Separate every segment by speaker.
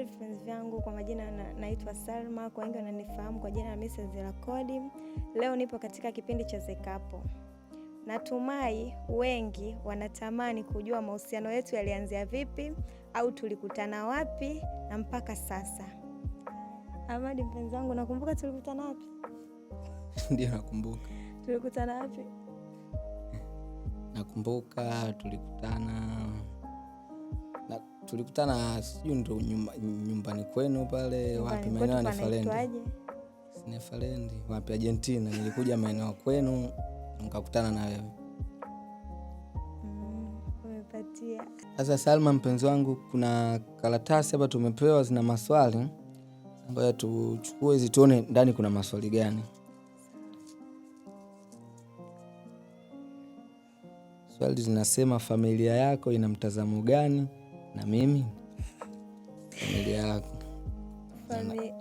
Speaker 1: Habari vipenzi vyangu, kwa majina na, Salma, kwa wengi wananifahamu kwa jina la Mrs. Zilakodi. Leo nipo katika kipindi cha Zekapo. Natumai wengi wanatamani kujua mahusiano yetu yalianzia vipi au tulikutana wapi na mpaka sasa. Amadi mpenzi wangu, nakumbuka tulikutana wapi?
Speaker 2: Ndio, nakumbuka.
Speaker 1: Tulikutana wapi?
Speaker 2: Nakumbuka tulikutana tulikutana sijui ndo nyumbani kwenu pale wapi, maeneo ya Nefarendi, Nefarendi wapi, Argentina. Nilikuja maeneo kwenu nikakutana na wewe. Mm, Sasa Salma, mpenzi wangu, kuna karatasi hapa tumepewa, zina maswali ambayo tuchukue hizi, tuone ndani kuna maswali gani. Swali zinasema, familia yako ina mtazamo gani na mimi familia yako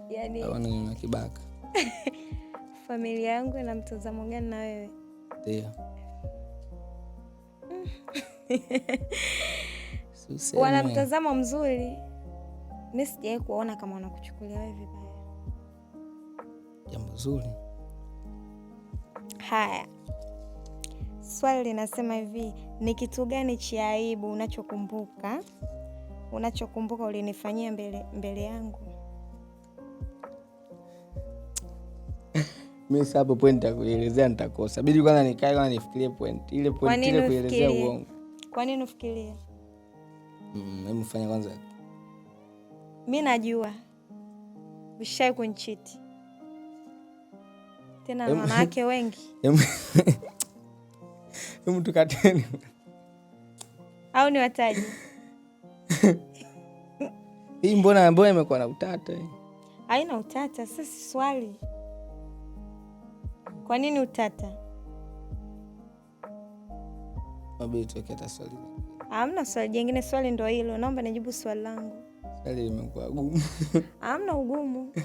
Speaker 2: yani... na Kibaka
Speaker 1: familia yangu ina mtazamo gani na wewe?
Speaker 2: Ndio.
Speaker 1: wana mtazamo mzuri, mi sijawahi kuwaona kama wanakuchukulia wewe vibaya. Jambo zuri. Haya, swali linasema hivi, ni kitu gani cha aibu unachokumbuka unachokumbuka ulinifanyia mbele, mbele yangu.
Speaker 2: mi sapo hapo point ya kuelezea nitakosa. Bidi kwanza nikae kwanza nifikirie point. Ile point ile kuelezea uongo.
Speaker 1: Kwa nini ufikirie?
Speaker 2: Mm, hebu fanya kwanza.
Speaker 1: Mi najua. Ushai kunchiti Tena wanawake wengi.
Speaker 2: Hebu tukateni.
Speaker 1: Au ni wataji?
Speaker 2: Hii mbona mbona imekuwa na utata?
Speaker 1: Haina utata, sisi swali. Kwa nini utata? Hamna swali jingine, swali ndo hilo. Naomba nijibu swali langu.
Speaker 2: Swali limekuwa gumu.
Speaker 1: Hamna ugumu.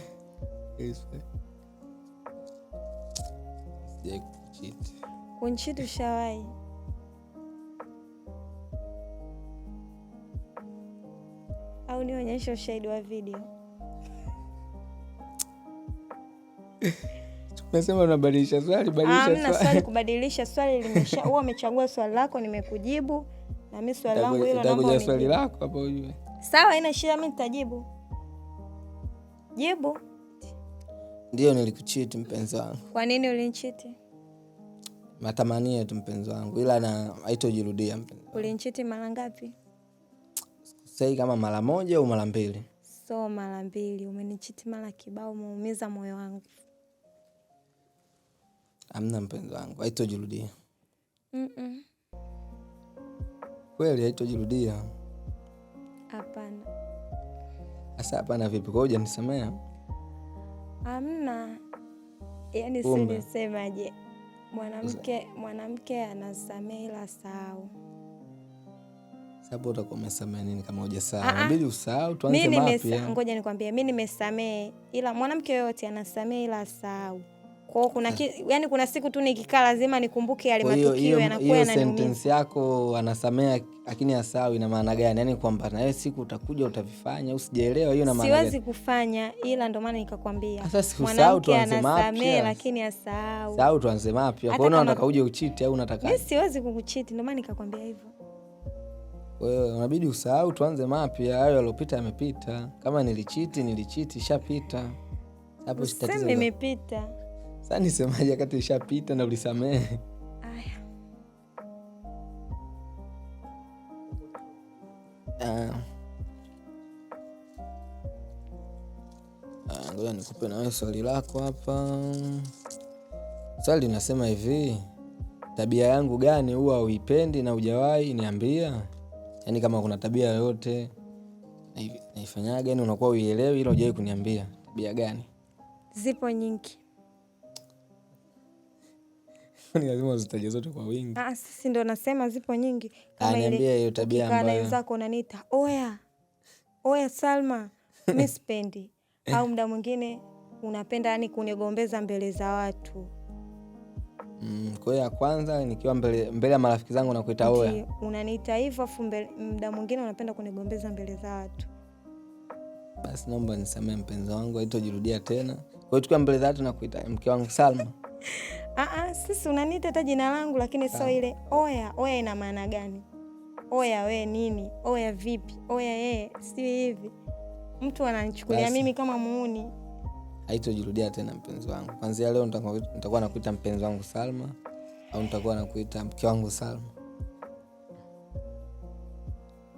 Speaker 1: Kunchiti ushawahi au nionyeshe ushahidi wa video?
Speaker 2: Nasema unabadilisha swali, ah, badilisha swali. Hamna
Speaker 1: swali kubadilisha swali, limesha wewe umechagua swali lako, nimekujibu na mimi swali langu hilo, naomba
Speaker 2: swali lako hapo ujue.
Speaker 1: Sawa, haina shida, mimi nitajibu. Jibu.
Speaker 2: Ndio, nilikuchiti mpenzi wangu.
Speaker 1: Kwa nini ulinchiti
Speaker 2: Matamanio tu mpenzi wangu, ila na haitojirudia mpenzi.
Speaker 1: Ulinichiti mara ngapi?
Speaker 2: sahii kama mara moja au mara mbili?
Speaker 1: So mara mbili. Umenichiti mara kibao, umeumiza moyo wangu.
Speaker 2: Amna mpenzi wangu, haitojirudia. mm -mm. Kweli haitojirudia? Hapana. hasa hapana vipi? Kwa hiyo hujanisemea?
Speaker 1: Amna, yani sinisemaje, mwanamke mwanamke anasamehe ila sahau
Speaker 2: hapo utakuwa umesamehe nini kama hujasaha? Ah, ah. Inabidi usahau tuanze mapya.
Speaker 1: Ngoja nikwambie, mimi nimesamehe, ila mwanamke yoyote anasamehe ila asahau. Kwa hiyo kuna eh. ki, yani kuna siku tu nikikaa lazima nikumbuke yale matukio yanakuwa yananiumiza.
Speaker 2: sentence yako anasamea lakini asahau ina maana gani? Yani kwamba na wewe siku utakuja utavifanya, usijaelewa hiyo ina maana
Speaker 1: gani? Siwezi kufanya ila ndio maana nikakwambia.
Speaker 2: Sasa sikusahau tuanze mapya. Anasamehe
Speaker 1: lakini asahau.
Speaker 2: Sahau tuanze mapya. Kwa nini unataka uje uchiti au unataka?
Speaker 1: Mimi siwezi kukuchiti ndio maana nikakwambia hivyo.
Speaker 2: Kwa unabidi usahau, tuanze mapya. Hayo aliopita yamepita. Kama nilichiti, nilichiti, ishapita.
Speaker 1: Hapo imepita.
Speaker 2: Sasa nisemaje wakati ishapita na ulisamehe? Ah. Ah, ngoja nikupe nawe swali lako hapa. Swali linasema hivi, tabia yangu gani huwa auipendi na ujawai niambia? yani kama kuna tabia yoyote naifanyaga, yani unakuwa uielewi, ila ujawai kuniambia tabia gani.
Speaker 1: Zipo nyingi
Speaker 2: ni lazima uzitaje zote kwa wingi?
Speaker 1: Ah, sisi ndo nasema zipo nyingi.
Speaker 2: Kama ah, hiyo tabia ambayo
Speaker 1: kana unaniita oya oya Salma, mi sipendi au muda mwingine unapenda yani kunigombeza mbele za watu.
Speaker 2: Mm, kwa hiyo ya kwanza nikiwa mbele, mbele ya marafiki zangu nakuita oya.
Speaker 1: Unaniita hivyo afu muda mwingine unapenda kunigombeza mbele za watu.
Speaker 2: Basi naomba nisamee mpenzi wangu, haitojirudia tena. Kwa hiyo tukiwa mbele za watu nakuita mke wangu Salma.
Speaker 1: Aa, ah, ah, sisi unaniita hata jina langu lakini sio ah. ile oya. Oya ina maana gani? Oya we nini? Oya vipi? Oya yeye si hivi. Mtu ananichukulia mimi kama muuni
Speaker 2: haitojirudia tena, mpenzi wangu. Kwanzia leo nitakuwa nakuita mpenzi wangu Salma, au nitakuwa nakuita mke wangu Salma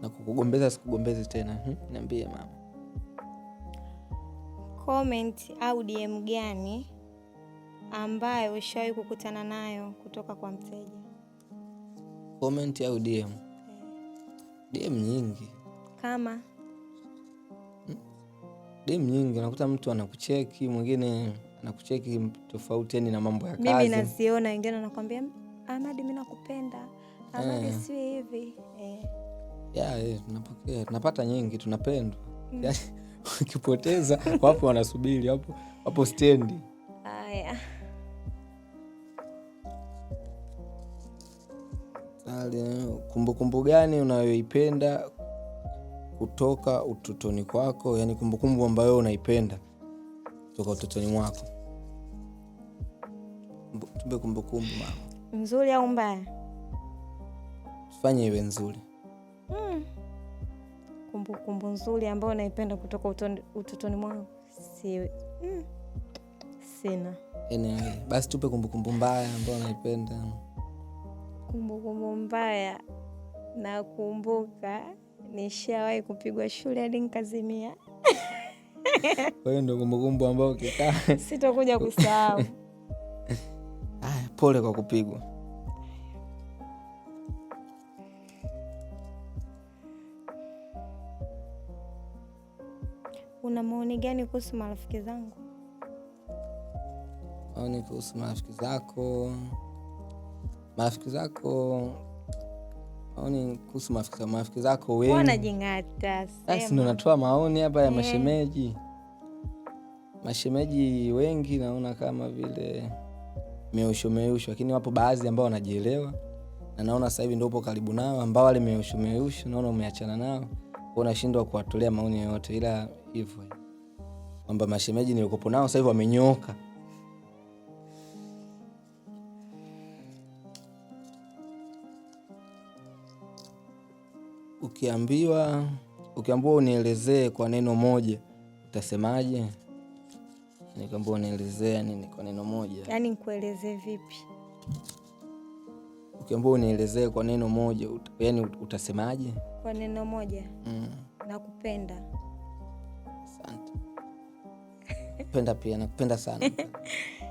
Speaker 2: na kukugombeza sikugombezi tena. Hmm, niambie mama,
Speaker 1: comment au DM gani ambayo ushawai kukutana nayo kutoka kwa mteja?
Speaker 2: Comment au DM? Eh. DM nyingi kama demu nyingi unakuta mtu anakucheki mwingine anakucheki tofauti yani na mambo ya kazi.
Speaker 1: Mimi naziona wengine nakwambia Amadi, mimi nakupenda Ahmadi, eh. siwe hivi eh.
Speaker 2: Yeah, yeah, tunapokea tunapata nyingi, tunapendwa mm. Yani ukipoteza wapo wanasubiri wapo, wapo stendi haya. Kumbukumbu gani unayoipenda kutoka utotoni kwako, yani kumbukumbu ambayo unaipenda kutoka utotoni mwako. Tupe kumbukumbu mama,
Speaker 1: nzuri au mbaya?
Speaker 2: Tufanye iwe nzuri.
Speaker 1: Hmm. kumbukumbu nzuri ambayo unaipenda kutoka utotoni mwangu si mm, sina.
Speaker 2: Anyway, basi tupe kumbukumbu mbaya ambayo naipenda
Speaker 1: Kumbukumbu mbaya nakumbuka Nishawahi kupigwa shule hadi nkazimia.
Speaker 2: Kwa hiyo ndo kumbukumbu ambayo ukikaa
Speaker 1: sitokuja kusahau.
Speaker 2: Aya, pole kwa kupigwa.
Speaker 1: Una maoni gani kuhusu marafiki zangu?
Speaker 2: Maoni kuhusu marafiki zako? Marafiki zako maoni kuhusu mafiki zako wewe.
Speaker 1: Wanajingata.
Speaker 2: natoa maoni hapa ya eh. mashemeji. Mashemeji wengi naona kama vile meusho meusho, lakini wapo baadhi ambao wanajielewa na naona sasa hivi ndio upo karibu nao, ambao wale meusho meusho naona umeachana nao, unashindwa kuwatolea maoni yoyote, ila hivyo kwamba mashemeji nilikopo nao sasa hivi wamenyoka. Ukiambiwa ukiambiwa unielezee kwa neno moja utasemaje? Nikamwambia unielezee nini kwa neno moja?
Speaker 1: yani nikuelezee vipi?
Speaker 2: Ukiambiwa unielezee kwa neno moja ut, yani utasemaje?
Speaker 1: Kwa neno moja mm. Nakupenda.
Speaker 2: Asante. Penda pia nakupenda sana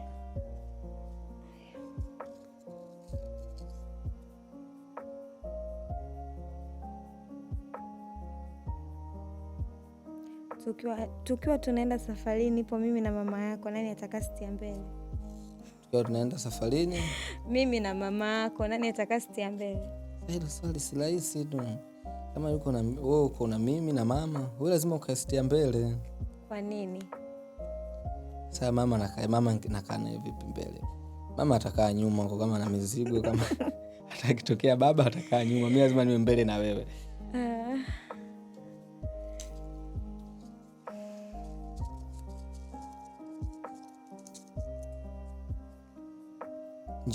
Speaker 1: tukiwa, tukiwa tunaenda safarini, nipo mimi na mama yako, nani atakaa siti ya mbele?
Speaker 2: Tukiwa tunaenda safarini
Speaker 1: mimi na mama yako, nani atakaa siti ya mbele?
Speaker 2: Hilo eh, swali si rahisi tu, kama yuko na wewe, uko na mimi na mama, wewe lazima ukae siti ya mbele. Kwa nini? Sasa mama nakaa, mama nakaa naye vipi mbele? Mama atakaa nyuma huko, kama na mizigo kama atakitokea baba atakaa nyuma, mi lazima niwe mbele na wewe. Ah.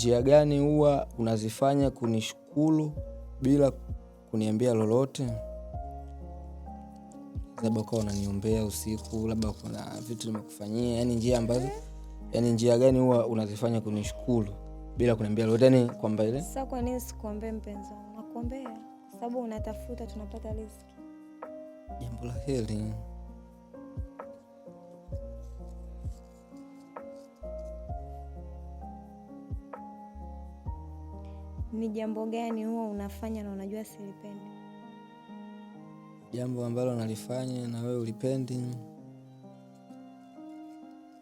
Speaker 2: njia gani huwa unazifanya kunishukuru bila kuniambia lolote? Labda ukawa unaniombea usiku, labda kuna vitu nimekufanyia, yani njia ambazo, yani njia gani huwa unazifanya kunishukuru bila kuniambia lolote, yani kwamba ile.
Speaker 1: Sasa kwa nini sikuombee mpenzi wangu? Nakuombea kwa sababu unatafuta, tunapata riziki,
Speaker 2: jambo la heri.
Speaker 1: Ni jambo gani huwa unafanya na unajua silipendi?
Speaker 2: Jambo ambalo nalifanya na wewe ulipendi,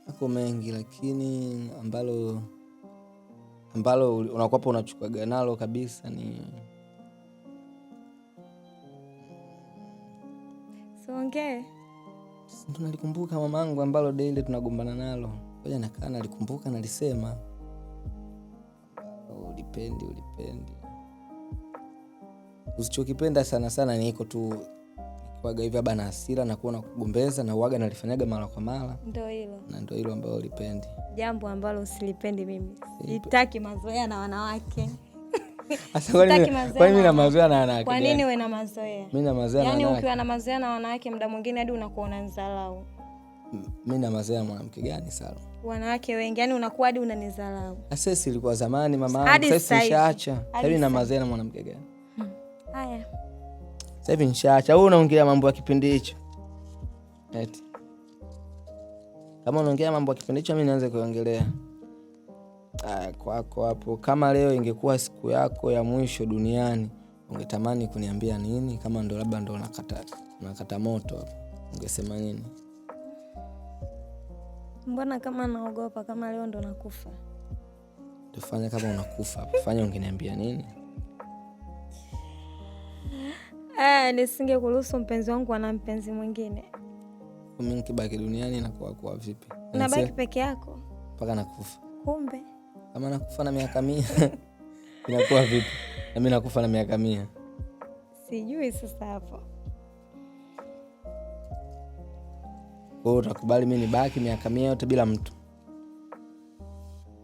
Speaker 2: ako mengi, lakini ambalo ambalo unakwapa unachukaga nalo kabisa ni siongee. So, tunalikumbuka mamangu ambalo daily tunagombana nalo, ngoja nakaa nalikumbuka, nalisema ulipendi ulipendi usichokipenda sana sana niko tu kwaga hivi aba na na kuona kugombeza na uwaga nalifanyaga mara kwa mara ndo hilo na ndo hilo ambalo lipendi
Speaker 1: jambo ambalo usilipendi mimi sitaki mazoea na wanawake
Speaker 2: mi na mazoea na wanawake
Speaker 1: kwa nini na mazoea mi na mazoea yani ukiwa na mazoea na wanawake muda mwingine hadi unakuona nzalau
Speaker 2: mi namazea mwanamke gani Salma?
Speaker 1: Wanawake wengi yani, unakuwa hadi unanidharau.
Speaker 2: Asesi ilikuwa zamani mama, sasa nishaacha. Sasa na mazoea na mwanamke gani? Hmm. Haya, sasa hivi nishaacha. Wewe unaongelea mambo ya kipindi hicho, eti kama unaongea mambo ya kipindi hicho, mi nianze kuongelea kwako hapo. Kama leo ingekuwa siku yako ya mwisho duniani, ungetamani kuniambia nini? Kama ndo labda ndo unakata unakata moto ungesema nini?
Speaker 1: Mbona kama naogopa, kama leo ndo nakufa?
Speaker 2: Tufanya kama unakufa fanya ungeniambia nini?
Speaker 1: Eh, nisinge kuruhusu mpenzi wangu ana mpenzi mwingine.
Speaker 2: Mimi nikibaki duniani nakuwa kwa vipi?
Speaker 1: Nabaki peke yako
Speaker 2: mpaka nakufa? Kumbe kama nakufa na miaka mia inakuwa vipi? Nami nakufa na miaka mia,
Speaker 1: sijui sasa hapo
Speaker 2: Kwa hiyo utakubali mimi nibaki miaka mia yote bila mtu?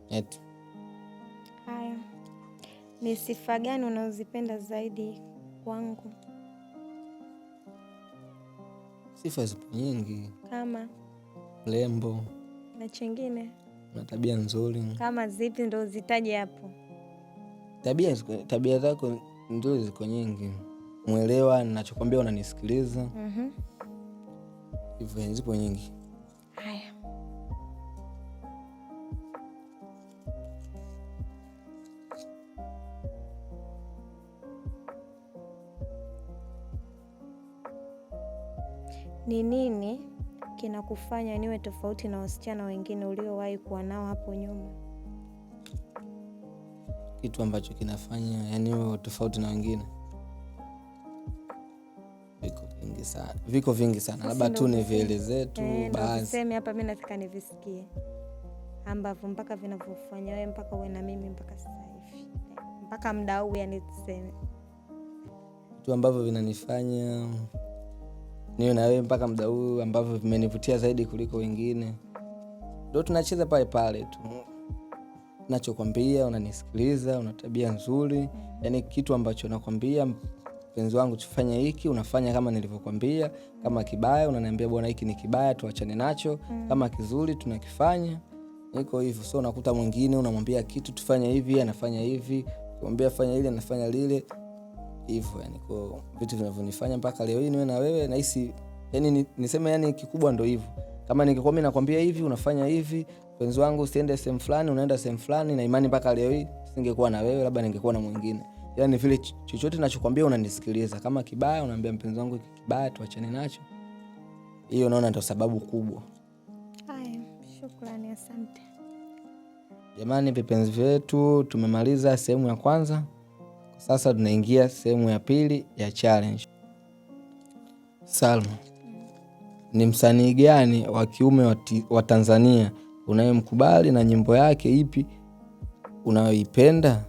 Speaker 2: Eti
Speaker 1: haya, ni sifa gani unazozipenda zaidi kwangu?
Speaker 2: Sifa zipo nyingi, kama lembo
Speaker 1: na chingine
Speaker 2: na tabia nzuri.
Speaker 1: Kama zipi? Ndo zitaje hapo.
Speaker 2: Tabia tabia zako nzuri ziko nyingi, mwelewa ninachokwambia, unanisikiliza. mm -hmm. Hivyo zipo nyingi.
Speaker 1: Haya. Ni nini kinakufanya niwe tofauti na wasichana wengine uliowahi kuwa nao hapo nyuma?
Speaker 2: Kitu ambacho kinafanya yani tofauti na wengine sana, viko vingi sana, labda tu ni vielezee tu eh, baadhi.
Speaker 1: Sema hapa, mimi nataka nivisikie ambavyo mpaka vinavyofanya wewe mpaka uwe na mimi mpaka sasa hivi mpaka muda huu, yani tuseme
Speaker 2: vitu ambavyo vinanifanya niwe na wewe mpaka muda huu, ambavyo vimenivutia zaidi kuliko wengine. ndo tunacheza pale pale tu nachokwambia unanisikiliza, una tabia nzuri, yani kitu ambacho nakwambia mpenzi wangu, tufanye hiki, unafanya kama nilivyokwambia. Kama kibaya unaniambia bwana, hiki ni kibaya, tuachane nacho. Mm. Kama kizuri tunakifanya, iko hivyo. So unakuta mwingine unamwambia kitu tufanye hivi, anafanya hivi, kumwambia fanya ile, anafanya lile, hivyo yani. Kwa vitu vinavyonifanya mpaka leo hii niwe na wewe nahisi yani, niseme yani kikubwa ndo hivyo. Kama ningekuwa mimi nakwambia hivi, unafanya hivi, mpenzi wangu, usiende sehemu fulani, unaenda sehemu fulani, na imani mpaka leo hii singekuwa na wewe, labda ningekuwa na mwingine yani vile chochote nachokwambia unanisikiliza. Kama kibaya unaambia mpenzi wangu kibaya, tuachane nacho. Hiyo naona ndo sababu kubwa. asante jamani, vipenzi vyetu, tumemaliza sehemu ya kwanza. Sasa tunaingia sehemu ya pili ya challenge. Salma, ni msanii gani wa kiume wa Tanzania unayemkubali na nyimbo yake ipi unayoipenda?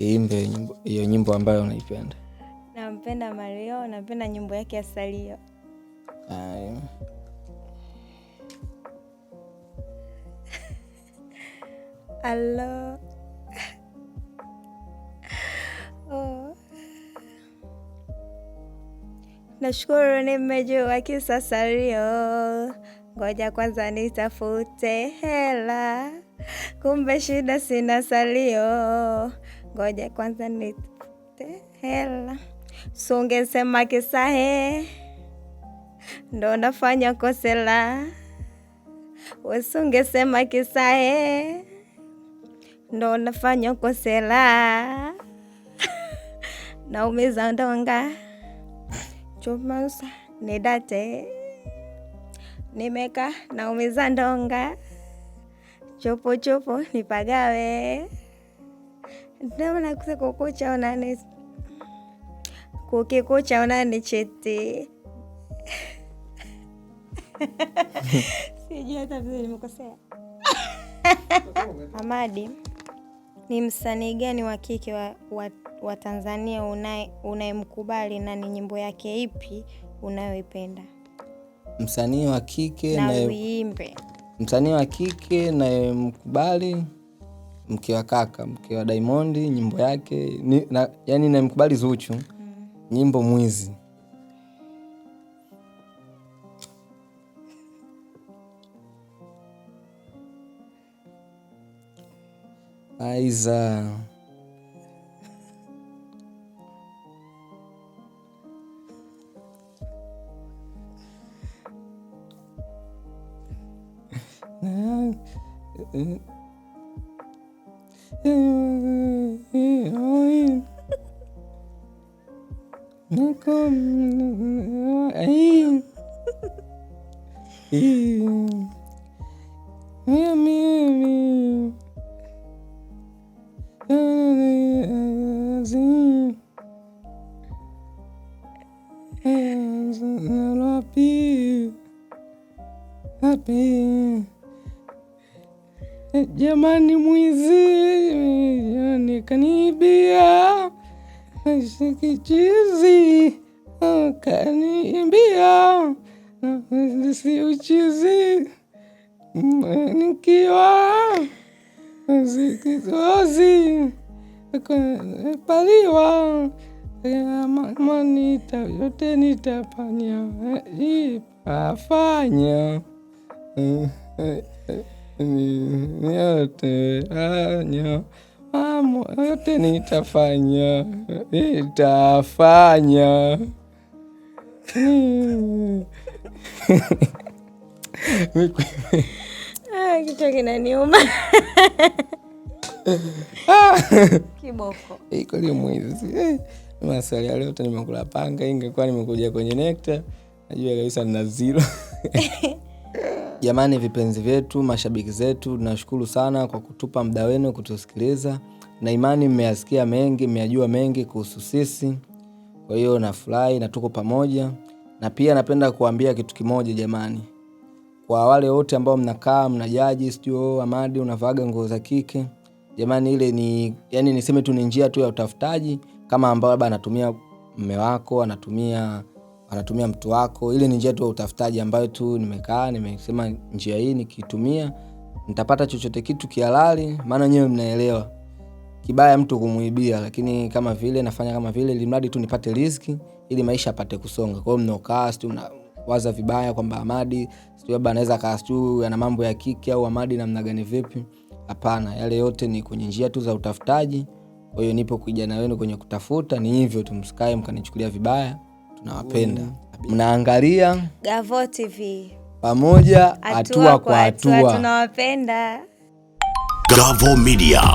Speaker 2: iimbe hiyo nyimbo ambayo unaipenda.
Speaker 1: Nampenda Mario, napenda nyimbo yake ya Salio. Alo. Oh. Nashukuru nimejua kisa Salio. Ngoja kwanza nitafute hela. Kumbe shida sina Salio. Ngoja kwanza nitafute hela. Si ungesema kisahe, eh? ndo nafanya kosela. Wesi ungesema kisahe, eh? ndo nafanya kosela. Naumiza ndonga chumasa nidate nimeka naumiza ndonga chupuchupu nipagawe ndabona kuseko chaonane koke kochaonane chete sijui hata vile nimekosea. Hamadi, ni msanii gani wa kike wa, wa, wa Tanzania unayemkubali na ni nyimbo yake ipi unayoipenda?
Speaker 2: Msanii wa kike
Speaker 1: na uimbe.
Speaker 2: Msanii wa kike nayemkubali mke wa kaka, mke wa Diamond, nyimbo yake ni, na, yani namkubali Zuchu mm. nyimbo mwizi aiza Jamani, mwizi kaniibia shikichizi kaniibia si uchizi nikiwa zikizozi paliwa manita yote nitafanya afanya yote anyo amo yote nitafanya, nitafanya
Speaker 1: ah, kichwa kinaniuma kiboko
Speaker 2: ikoli mwizi eh, maswali ya leo nimekula panga. Ingekuwa nimekuja kwenye nekta, najua kabisa nina zero Jamani vipenzi vyetu, mashabiki zetu, tunashukuru sana kwa kutupa muda wenu kutusikiliza, na imani mmeyasikia mengi, mmeyajua mengi kuhusu sisi. Kwa hiyo nafurahi na tuko pamoja, na pia napenda kuambia kitu kimoja jamani, kwa wale wote ambao mnakaa mnajaji, sijui Amadi unavaaga nguo za kike, jamani ile ni yani, niseme tu ni njia tu ya utafutaji, kama ambao labda anatumia mme wako anatumia anatumia mtu wako. Ile ni njia tu ya utafutaji ambayo tu nimekaa nimesema, njia hii nikitumia nitapata chochote kitu kihalali, maana wenyewe mnaelewa kibaya mtu kumuibia, lakini kama vile nafanya kama vile, ili mradi tu nipate riziki, ili maisha apate kusonga. Kwa hiyo mnaokaa sijui mnawaza vibaya kwamba Amadi sijui labda anaweza kaa sijui ana mambo ya kike au Amadi namna gani vipi? Hapana, yale yote ni kwenye njia tu za utafutaji. Kwa hiyo nipo kijana wenu kwenye kutafuta, ni hivyo tu, msikae mkanichukulia vibaya tunawapenda mm. mnaangalia
Speaker 1: Gavoo TV
Speaker 2: pamoja, hatua kwa hatua.
Speaker 1: Tunawapenda Gavoo Media.